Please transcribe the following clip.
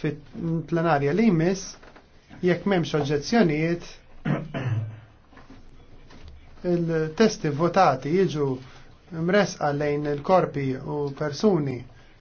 fit-plenarja li jmiss, jekk memx oġġezzjonijiet, il-testi votati jiġu mresqa lejn il-korpi u persuni